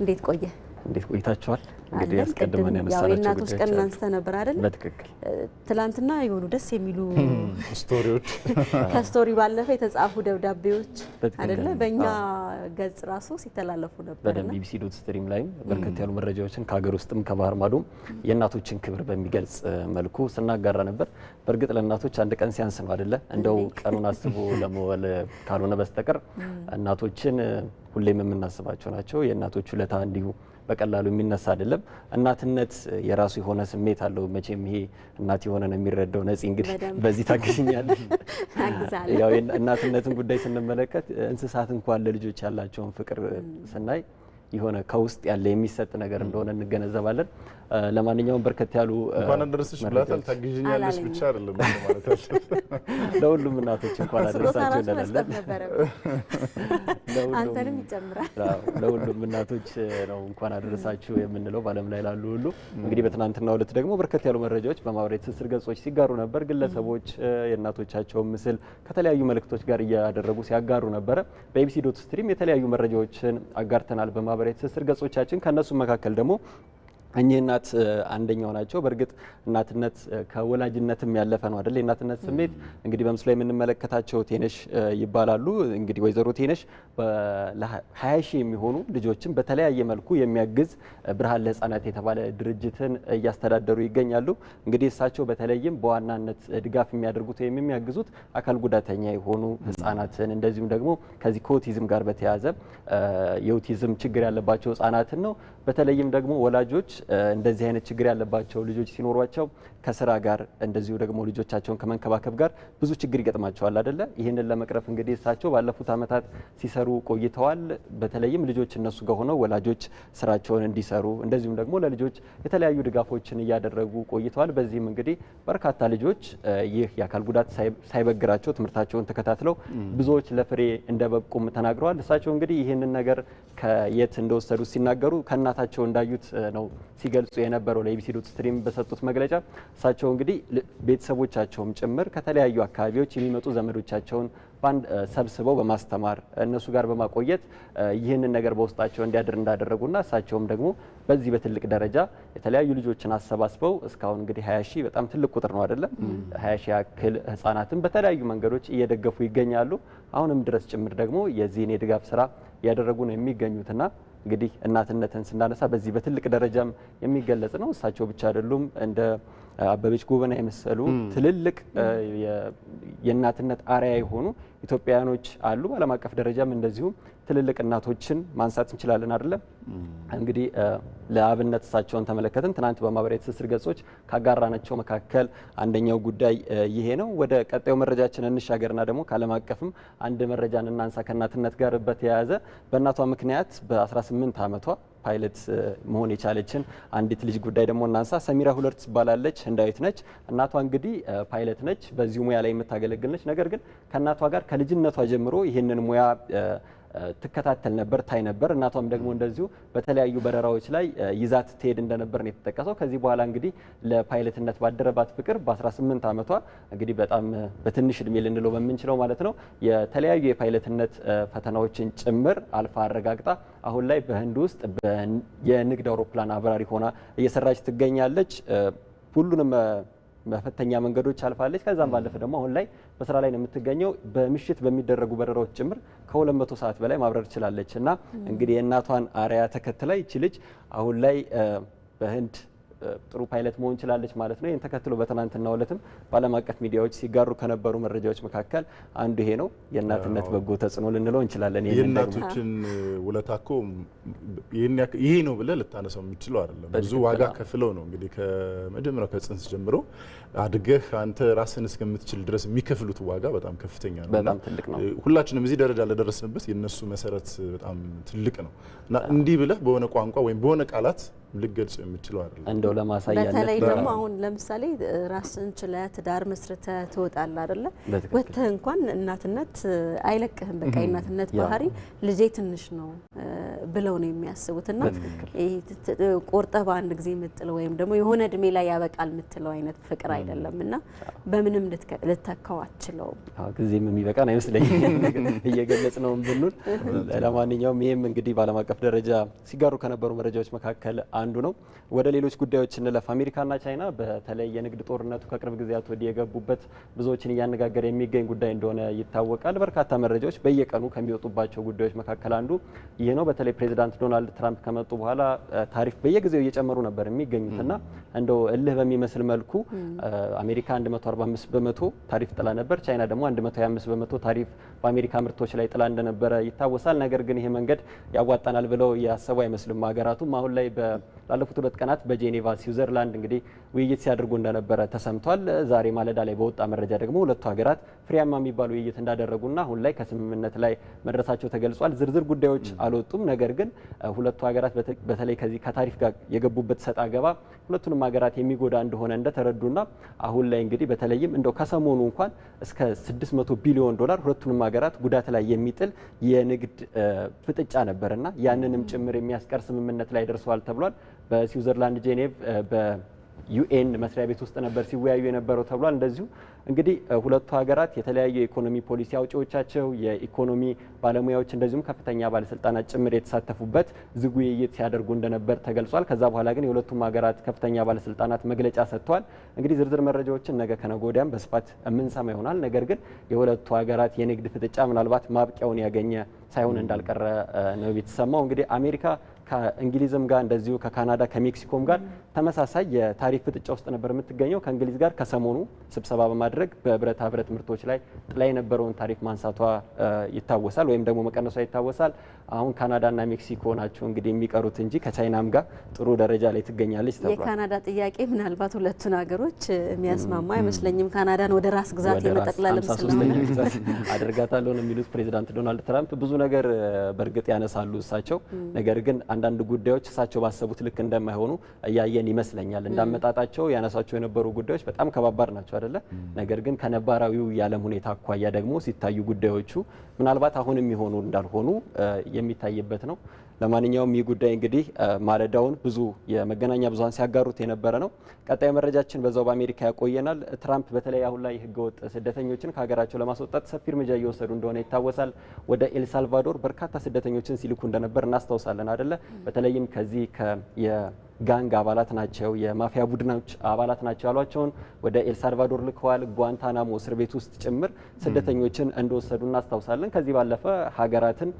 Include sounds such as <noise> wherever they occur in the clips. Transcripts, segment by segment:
ya እንዴት ቆይታችኋል? እንግዲህ አስቀድመን ያነሳናቸው የእናቶች ቀን አንስተ ነበር አይደል? በትክክል ትላንትና የሆኑ ደስ የሚሉ <laughs> ስቶሪዎች <laughs> ከስቶሪ ባለፈ የተጻፉ ደብዳቤዎች አይደለ? በእኛ ገጽ ራሱ ሲተላለፉ ነበር። በደንብ ቢቢሲ ዶት ስትሪም ላይም በርከት ያሉ መረጃዎችን ከሀገር ውስጥም ከባህር ማዶም የእናቶችን ክብር በሚገልጽ መልኩ ስናጋራ ነበር። በእርግጥ ለእናቶች አንድ ቀን ሲያንስ ነው አይደለ? እንደው ቀኑን አስቦ <laughs> ለመወል ካልሆነ በስተቀር እናቶችን ሁሌም የምናስባቸው ናቸው። የእናቶች ውለታ እንዲሁ በቀላሉ የሚነሳ አይደለም። እናትነት የራሱ የሆነ ስሜት አለው። መቼም ይሄ እናት የሆነ ነው የሚረዳው። ነፂ እንግዲህ በዚህ ታግዝኛለሽ። ያው እናትነትን ጉዳይ ስንመለከት እንስሳት እንኳን ለልጆች ያላቸውን ፍቅር ስናይ የሆነ ከውስጥ ያለ የሚሰጥ ነገር እንደሆነ እንገነዘባለን። ለማንኛውም በርከት ያሉ እንኳን አደረሰሽ ብላታል። ታግዥኛለሽ ብቻ አይደለም ማለት <laughs> ለሁሉም እናቶች እንኳን አደረሳቸው እንላለን። አንተንም ይጨምራል። ለሁሉም እናቶች ነው እንኳን አደረሳችሁ የምንለው በዓለም ላይ ላሉ ሁሉ። እንግዲህ በትናንትናው ዕለት ደግሞ በርከት ያሉ መረጃዎች በማህበራዊ ትስስር ገጾች ሲጋሩ ነበር። ግለሰቦች የእናቶቻቸውን ምስል ከተለያዩ መልእክቶች ጋር እያደረጉ ሲያጋሩ ነበረ። በኤቢሲ ዶት ስትሪም የተለያዩ መረጃዎችን አጋርተናል በማህበራዊ ትስስር ገጾቻችን። ከእነሱ መካከል ደግሞ እኚህ እናት አንደኛው ናቸው። በእርግጥ እናትነት ከወላጅነትም ያለፈ ነው አደለ? የእናትነት ስሜት እንግዲህ በምስሉ ላይ የምንመለከታቸው ቴነሽ ይባላሉ። እንግዲህ ወይዘሮ ቴነሽ ሀያ ሺህ የሚሆኑ ልጆችን በተለያየ መልኩ የሚያግዝ ብርሃን ለህፃናት የተባለ ድርጅትን እያስተዳደሩ ይገኛሉ። እንግዲህ እሳቸው በተለይም በዋናነት ድጋፍ የሚያደርጉት ወይም የሚያግዙት አካል ጉዳተኛ የሆኑ ህጻናትን እንደዚሁም ደግሞ ከዚህ ከኦቲዝም ጋር በተያያዘ የኦቲዝም ችግር ያለባቸው ህጻናትን ነው። በተለይም ደግሞ ወላጆች እንደዚህ አይነት ችግር ያለባቸው ልጆች ሲኖሯቸው ከስራ ጋር እንደዚሁ ደግሞ ልጆቻቸውን ከመንከባከብ ጋር ብዙ ችግር ይገጥማቸዋል አደለ? ይህንን ለመቅረፍ እንግዲህ እሳቸው ባለፉት ዓመታት ሲሰሩ ቆይተዋል። በተለይም ልጆች እነሱ ጋር ሆነው ወላጆች ስራቸውን እንዲሰሩ እንደዚሁም ደግሞ ለልጆች የተለያዩ ድጋፎችን እያደረጉ ቆይተዋል። በዚህም እንግዲህ በርካታ ልጆች ይህ የአካል ጉዳት ሳይበግራቸው ትምህርታቸውን ተከታትለው ብዙዎች ለፍሬ እንደበቁም ተናግረዋል። እሳቸው እንግዲህ ይህንን ነገር ከየት እንደወሰዱ ሲናገሩ ከእናታቸው እንዳዩት ነው ሲገልጹ የነበረው ለኢቢሲ ዶት ስትሪም በሰጡት መግለጫ እሳቸው እንግዲህ ቤተሰቦቻቸውም ጭምር ከተለያዩ አካባቢዎች የሚመጡ ዘመዶቻቸውን ባንድ ሰብስበው በማስተማር እነሱ ጋር በማቆየት ይህንን ነገር በውስጣቸው እንዲያድር እንዳደረጉና እሳቸውም ደግሞ በዚህ በትልቅ ደረጃ የተለያዩ ልጆችን አሰባስበው እስካሁን እንግዲህ ሀያ ሺህ በጣም ትልቅ ቁጥር ነው አይደለም? ሀያ ሺህ ያክል ህጻናትን በተለያዩ መንገዶች እየደገፉ ይገኛሉ። አሁንም ድረስ ጭምር ደግሞ የዚህን የድጋፍ ስራ እያደረጉ ነው የሚገኙትና እንግዲህ እናትነትን ስናነሳ በዚህ በትልቅ ደረጃም የሚገለጽ ነው። እሳቸው ብቻ አይደሉም። እንደ አበበች ጎበና የመሰሉ ትልልቅ የእናትነት አርያ የሆኑ ኢትዮጵያውያኖች አሉ። በዓለም አቀፍ ደረጃም እንደዚሁም ትልልቅ እናቶችን ማንሳት እንችላለን አይደለም። እንግዲህ ለአብነት እሳቸውን ተመለከትን። ትናንት በማህበራዊ ትስስር ገጾች ካጋራናቸው መካከል አንደኛው ጉዳይ ይሄ ነው። ወደ ቀጣዩ መረጃችን እንሻገርና ደግሞ ከዓለም አቀፍም አንድ መረጃን እናንሳ። ከእናትነት ጋር በተያያዘ በእናቷ ምክንያት በ18 ዓመቷ ፓይለት መሆን የቻለችን አንዲት ልጅ ጉዳይ ደግሞ እናንሳ። ሰሚራ ሁለርት ትባላለች፣ ህንዳዊት ነች። እናቷ እንግዲህ ፓይለት ነች፣ በዚሁ ሙያ ላይ የምታገለግል ነች። ነገር ግን ከእናቷ ጋር ከልጅነቷ ጀምሮ ይህንን ሙያ ትከታተል ነበር፣ ታይ ነበር። እናቷም ደግሞ እንደዚሁ በተለያዩ በረራዎች ላይ ይዛት ትሄድ እንደነበር ነው የተጠቀሰው። ከዚህ በኋላ እንግዲህ ለፓይለትነት ባደረባት ፍቅር በ18 ዓመቷ እንግዲህ በጣም በትንሽ እድሜ ልንለው በምንችለው ማለት ነው የተለያዩ የፓይለትነት ፈተናዎችን ጭምር አልፋ አረጋግጣ አሁን ላይ በህንድ ውስጥ የንግድ አውሮፕላን አብራሪ ሆና እየሰራች ትገኛለች። ሁሉንም መፈተኛ መንገዶች አልፋለች። ከዛም ባለፈ ደግሞ አሁን ላይ በስራ ላይ ነው የምትገኘው። በምሽት በሚደረጉ በረራዎች ጭምር ከ200 ሰዓት በላይ ማብረር ትችላለች እና እንግዲህ የእናቷን አርያ ተከትላ ይች ልጅ አሁን ላይ በህንድ ጥሩ ፓይለት መሆን ችላለች ማለት ነው። ይህን ተከትሎ በትናንትናው ዕለትም በዓለም አቀፍ ሚዲያዎች ሲጋሩ ከነበሩ መረጃዎች መካከል አንዱ ይሄ ነው። የእናትነት በጎ ተጽዕኖ ልንለው እንችላለን። የእናቶችን ውለታ እኮ ይሄ ነው ብለህ ልታነሳው የምችለው አይደለም። ብዙ ዋጋ ከፍለው ነው እንግዲህ ከመጀመሪያው ከጽንስ ጀምሮ አድገህ አንተ ራስን እስከምትችል ድረስ የሚከፍሉት ዋጋ በጣም ከፍተኛ ነው። በጣም ትልቅ ነው። ሁላችንም እዚህ ደረጃ ለደረስንበት የእነሱ መሰረት በጣም ትልቅ ነው እና እንዲህ ብለህ በሆነ ቋንቋ ወይም በሆነ ቃላት ልገልጸው የምችለው አይደለም። እንደው ለማሳያ በተለይ ደግሞ አሁን ለምሳሌ ራስን ችለህ ትዳር መስርተ ትወጣል አይደለ? ወጥተህ እንኳን እናትነት አይለቅህም። በቃ የእናትነት ባህሪ ልጄ ትንሽ ነው ብለው ነው የሚያስቡት እና ቆርጠህ በአንድ ጊዜ የምትጥለው ወይም ደግሞ የሆነ እድሜ ላይ ያበቃል የምትለው አይነት ፍቅር አይደለም እና በምንም ልተካው አትችለውም። ጊዜም የሚበቃን አይመስለኝም <laughs> እየገለጽ ነው ብንል። ለማንኛውም ይህም እንግዲህ በዓለም አቀፍ ደረጃ ሲጋሩ ከነበሩ መረጃዎች መካከል አንዱ ነው። ወደ ሌሎች ጉዳዮች እንለፍ። አሜሪካና ቻይና በተለይ የንግድ ጦርነቱ ከቅርብ ጊዜያት ወዲህ የገቡበት ብዙዎችን እያነጋገረ የሚገኝ ጉዳይ እንደሆነ ይታወቃል። በርካታ መረጃዎች በየቀኑ ከሚወጡባቸው ጉዳዮች መካከል አንዱ ይህ ነው። በተለይ ፕሬዚዳንት ዶናልድ ትራምፕ ከመጡ በኋላ ታሪፍ በየጊዜው እየጨመሩ ነበር የሚገኙትና እንደው እልህ በሚመስል መልኩ አሜሪካ 145 በመቶ ታሪፍ ጥላ ነበር። ቻይና ደግሞ 125 በመቶ ታሪፍ በአሜሪካ ምርቶች ላይ ጥላ እንደነበረ ይታወሳል። ነገር ግን ይሄ መንገድ ያዋጣናል ብለው ያሰቡ አይመስልም ሀገራቱም አሁን ላይ ላለፉት ሁለት ቀናት በጄኔቫ ስዊዘርላንድ እንግዲህ ውይይት ሲያደርጉ እንደነበረ ተሰምቷል። ዛሬ ማለዳ ላይ በወጣ መረጃ ደግሞ ሁለቱ ሀገራት ፍሬያማ የሚባል ውይይት እንዳደረጉና አሁን ላይ ከስምምነት ላይ መድረሳቸው ተገልጿል። ዝርዝር ጉዳዮች አልወጡም። ነገር ግን ሁለቱ ሀገራት በተለይ ከዚህ ከታሪፍ ጋር የገቡበት ሰጥ አገባ ሁለቱንም ሀገራት የሚጎዳ እንደሆነ እንደተረዱና አሁን ላይ እንግዲህ በተለይም እንደው ከሰሞኑ እንኳን እስከ 600 ቢሊዮን ዶላር ሁለቱንም ሀገራት ጉዳት ላይ የሚጥል የንግድ ፍጥጫ ነበርና ያንንም ጭምር የሚያስቀር ስምምነት ላይ ደርሰዋል ተብሏል። በስዊዘርላንድ ጄኔቭ በዩኤን መስሪያ ቤት ውስጥ ነበር ሲወያዩ የነበረው ተብሏል። እንደዚሁ እንግዲህ ሁለቱ ሀገራት የተለያዩ የኢኮኖሚ ፖሊሲ አውጪዎቻቸው፣ የኢኮኖሚ ባለሙያዎች እንደዚሁም ከፍተኛ ባለስልጣናት ጭምር የተሳተፉበት ዝግ ውይይት ሲያደርጉ እንደነበር ተገልጿል። ከዛ በኋላ ግን የሁለቱም ሀገራት ከፍተኛ ባለስልጣናት መግለጫ ሰጥተዋል። እንግዲህ ዝርዝር መረጃዎችን ነገ ከነገ ወዲያም በስፋት የምንሰማ ይሆናል። ነገር ግን የሁለቱ ሀገራት የንግድ ፍጥጫ ምናልባት ማብቂያውን ያገኘ ሳይሆን እንዳልቀረ ነው የተሰማው። እንግዲህ አሜሪካ ከእንግሊዝም ጋር እንደዚሁ ከካናዳ ከሜክሲኮም ጋር ተመሳሳይ የታሪፍ ፍጥጫ ውስጥ ነበር የምትገኘው። ከእንግሊዝ ጋር ከሰሞኑ ስብሰባ በማድረግ በብረታ ብረት ምርቶች ላይ ጥላ የነበረውን ታሪፍ ማንሳቷ ይታወሳል፣ ወይም ደግሞ መቀነሷ ይታወሳል። አሁን ካናዳና ሜክሲኮ ናቸው እንግዲህ የሚቀሩት እንጂ ከቻይናም ጋር ጥሩ ደረጃ ላይ ትገኛለች ተብሏል። የካናዳ ጥያቄ ምናልባት ሁለቱን ሀገሮች የሚያስማማ አይመስለኝም። ካናዳን ወደ ራስ ግዛት የመጠቅለልም ስለሆነ ነው የሚሉት ፕሬዚዳንት ዶናልድ ትራምፕ። ብዙ ነገር በእርግጥ ያነሳሉ እሳቸው ነገር ግን አንዳንድ ጉዳዮች እሳቸው ባሰቡት ልክ እንደማይሆኑ እያየን ይመስለኛል። እንዳመጣጣቸው ያነሳቸው የነበሩ ጉዳዮች በጣም ከባባድ ናቸው አደለ? ነገር ግን ከነባራዊው የዓለም ሁኔታ አኳያ ደግሞ ሲታዩ ጉዳዮቹ ምናልባት አሁንም የሆኑ እንዳልሆኑ የሚታይበት ነው። ለማንኛውም ይህ ጉዳይ እንግዲህ ማለዳውን ብዙ የመገናኛ ብዙሀን ሲያጋሩት የነበረ ነው። ቀጣይ መረጃችን በዛው በአሜሪካ ያቆየናል። ትራምፕ በተለይ አሁን ላይ ህገወጥ ስደተኞችን ከሀገራቸው ለማስወጣት ሰፊ እርምጃ እየወሰዱ እንደሆነ ይታወሳል። ወደ ኤልሳልቫዶር በርካታ ስደተኞችን ሲልኩ እንደነበር እናስታውሳለን አደለ? በተለይም ከዚህ ጋንግ አባላት ናቸው፣ የማፊያ ቡድኖች አባላት ናቸው ያሏቸውን ወደ ኤልሳልቫዶር ልከዋል። ጓንታናሞ እስር ቤት ውስጥ ጭምር ስደተኞችን እንደወሰዱ እናስታውሳለን። ከዚህ ባለፈ ሀገራትን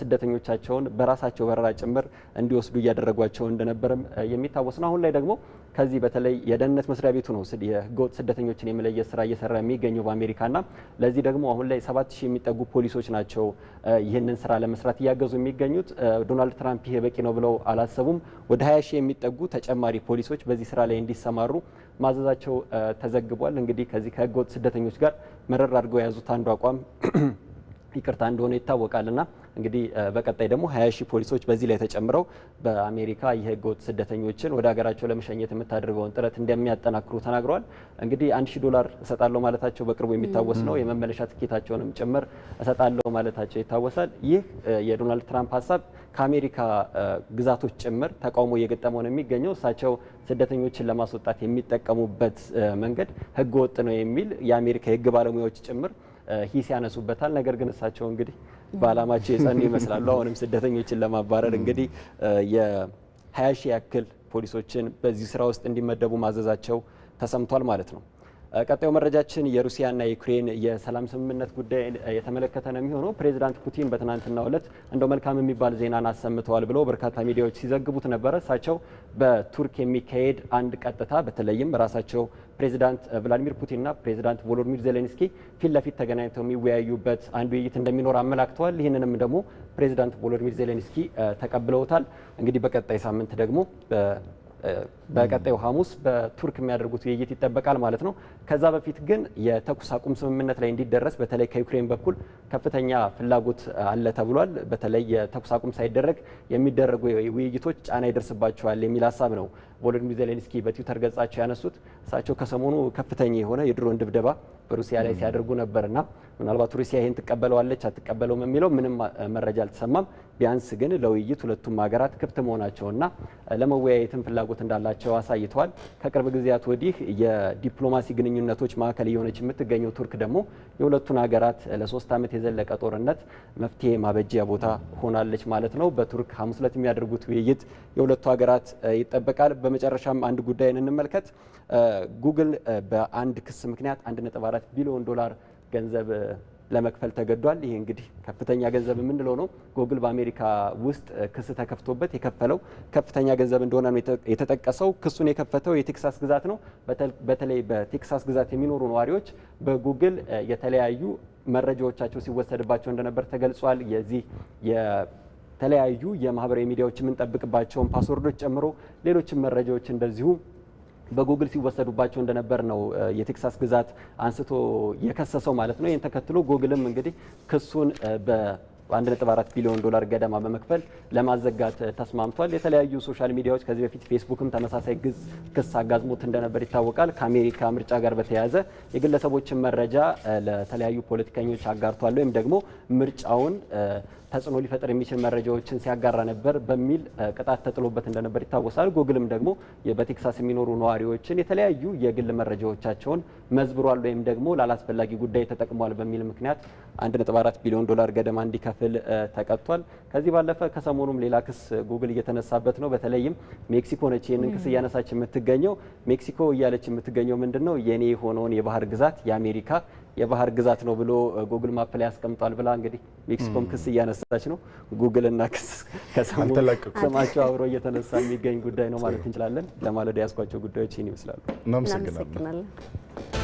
ስደተኞቻቸውን በራሳቸው በረራ ጭምር እንዲወስዱ እያደረጓቸው እንደነበረም የሚታወስ ነው። አሁን ላይ ደግሞ ከዚህ በተለይ የደህንነት መስሪያ ቤቱ ነው የህገወጥ ስደተኞችን የመለየት ስራ እየሰራ የሚገኘው በአሜሪካና ለዚህ ደግሞ አሁን ላይ ሰባት ሺህ የሚጠጉ ፖሊሶች ናቸው ይህንን ስራ ለመስራት እያገዙ የሚገኙት። ዶናልድ ትራምፕ ይሄ በቂ ነው ብለው አላሰቡም። ወደ ሀያ ሺህ የሚጠጉ ተጨማሪ ፖሊሶች በዚህ ስራ ላይ እንዲሰማሩ ማዘዛቸው ተዘግቧል። እንግዲህ ከዚህ ከህገወጥ ስደተኞች ጋር መረር አድርገው የያዙት አንዱ አቋም <clears throat> ይቅርታ እንደሆነ ይታወቃልና እንግዲህ በቀጣይ ደግሞ ሀያ ሺህ ፖሊሶች በዚህ ላይ ተጨምረው በአሜሪካ የህገወጥ ስደተኞችን ወደ ሀገራቸው ለመሸኘት የምታደርገውን ጥረት እንደሚያጠናክሩ ተናግረዋል። እንግዲህ አንድ ሺህ ዶላር እሰጣለሁ ማለታቸው በቅርቡ የሚታወስ ነው። የመመለሻ ትኬታቸውንም ጭምር እሰጣለሁ ማለታቸው ይታወሳል። ይህ የዶናልድ ትራምፕ ሀሳብ ከአሜሪካ ግዛቶች ጭምር ተቃውሞ እየገጠመው ነው የሚገኘው። እሳቸው ስደተኞችን ለማስወጣት የሚጠቀሙበት መንገድ ህገወጥ ነው የሚል የአሜሪካ የህግ ባለሙያዎች ጭምር ሂስ ያነሱበታል። ነገር ግን እሳቸው እንግዲህ በአላማቸው የጸኑ ይመስላሉ። አሁንም ስደተኞችን ለማባረር እንግዲህ የ ሺህ ያክል ፖሊሶችን በዚህ ስራ ውስጥ እንዲመደቡ ማዘዛቸው ተሰምቷል ማለት ነው። ቀጣዩ መረጃችን የሩሲያና የዩክሬን የሰላም ስምምነት ጉዳይ የተመለከተ ነው የሚሆነው። ፕሬዚዳንት ፑቲን በትናንትናው ዕለት እንደው መልካም የሚባል ዜናን አሰምተዋል ብለው በርካታ ሚዲያዎች ሲዘግቡት ነበረ። እሳቸው በቱርክ የሚካሄድ አንድ ቀጥታ በተለይም ራሳቸው ፕሬዚዳንት ቭላዲሚር ፑቲንና ፕሬዚዳንት ቮሎዲሚር ዜሌንስኪ ፊት ለፊት ተገናኝተው የሚወያዩበት አንድ ውይይት እንደሚኖር አመላክተዋል። ይህንንም ደግሞ ፕሬዚዳንት ቮሎዲሚር ዜሌንስኪ ተቀብለውታል። እንግዲህ በቀጣይ ሳምንት ደግሞ በቀጣዩ ሐሙስ በቱርክ የሚያደርጉት ውይይት ይጠበቃል ማለት ነው። ከዛ በፊት ግን የተኩስ አቁም ስምምነት ላይ እንዲደረስ በተለይ ከዩክሬን በኩል ከፍተኛ ፍላጎት አለ ተብሏል። በተለይ የተኩስ አቁም ሳይደረግ የሚደረጉ ውይይቶች ጫና ይደርስባቸዋል የሚል ሀሳብ ነው ቮሎዲሚር ዜሌንስኪ በትዊተር ገጻቸው ያነሱት። እሳቸው ከሰሞኑ ከፍተኛ የሆነ የድሮን ድብደባ በሩሲያ ላይ ሲያደርጉ ነበርና ምናልባት ሩሲያ ይህን ትቀበለዋለች አትቀበለውም የሚለው ምንም መረጃ አልተሰማም። ቢያንስ ግን ለውይይት ሁለቱም ሀገራት ክፍት መሆናቸውና ለመወያየትም ፍላጎት እንዳላቸው አሳይተዋል። ከቅርብ ጊዜያት ወዲህ የዲፕሎማሲ ግንኙነቶች ማዕከል እየሆነች የምትገኘው ቱርክ ደግሞ የሁለቱን ሀገራት ለሶስት ዓመት የዘለቀ ጦርነት መፍትሄ ማበጃ ቦታ ሆናለች ማለት ነው። በቱርክ ሐሙስ ዕለት የሚያደርጉት ውይይት የሁለቱ ሀገራት ይጠበቃል። በመጨረሻም አንድ ጉዳይን እንመልከት። ጉግል በአንድ ክስ ምክንያት 1.4 ቢሊዮን ዶላር ገንዘብ ለመክፈል ተገዷል። ይሄ እንግዲህ ከፍተኛ ገንዘብ የምንለው ነው። ጎግል በአሜሪካ ውስጥ ክስ ተከፍቶበት የከፈለው ከፍተኛ ገንዘብ እንደሆነ ነው የተጠቀሰው። ክሱን የከፈተው የቴክሳስ ግዛት ነው። በተለይ በቴክሳስ ግዛት የሚኖሩ ነዋሪዎች በጉግል የተለያዩ መረጃዎቻቸው ሲወሰድባቸው እንደነበር ተገልጿል። የዚህ የተለያዩ የማህበራዊ ሚዲያዎች የምንጠብቅባቸውን ፓስወርዶች ጨምሮ ሌሎችም መረጃዎች እንደዚሁ በጉግል ሲወሰዱባቸው እንደነበር ነው የቴክሳስ ግዛት አንስቶ የከሰሰው ማለት ነው። ይህን ተከትሎ ጉግልም እንግዲህ ክሱን በ 1.4 ቢሊዮን ዶላር ገደማ በመክፈል ለማዘጋት ተስማምቷል። የተለያዩ ሶሻል ሚዲያዎች ከዚህ በፊት ፌስቡክም ተመሳሳይ ግዝ ክስ አጋዝሞት እንደነበር ይታወቃል። ከአሜሪካ ምርጫ ጋር በተያያዘ የግለሰቦችን መረጃ ለተለያዩ ፖለቲከኞች አጋርቷል ወይም ደግሞ ምርጫውን ተጽዕኖ ሊፈጥር የሚችል መረጃዎችን ሲያጋራ ነበር በሚል ቅጣት ተጥሎበት እንደነበር ይታወሳል። ጉግልም ደግሞ በቴክሳስ የሚኖሩ ነዋሪዎችን የተለያዩ የግል መረጃዎቻቸውን መዝብሯል ወይም ደግሞ ላላስፈላጊ ጉዳይ ተጠቅሟል በሚል ምክንያት 1.4 ቢሊዮን ዶላር ገደማ እንዲከፍል ክፍል ተቀጥቷል። ከዚህ ባለፈ ከሰሞኑም ሌላ ክስ ጉግል እየተነሳበት ነው። በተለይም ሜክሲኮ ነች ይህንን ክስ እያነሳች የምትገኘው። ሜክሲኮ እያለች የምትገኘው ምንድን ነው የኔ የሆነውን የባህር ግዛት የአሜሪካ የባህር ግዛት ነው ብሎ ጉግል ማፕ ላይ ያስቀምጧል ብላ እንግዲህ ሜክሲኮም ክስ እያነሳች ነው። ጉግልና ክስ ከሰሞኑ ስማቸው አብሮ እየተነሳ የሚገኝ ጉዳይ ነው ማለት እንችላለን። ለማለዳ ያስኳቸው ጉዳዮች ይህን ይመስላሉ። እናመሰግናለን።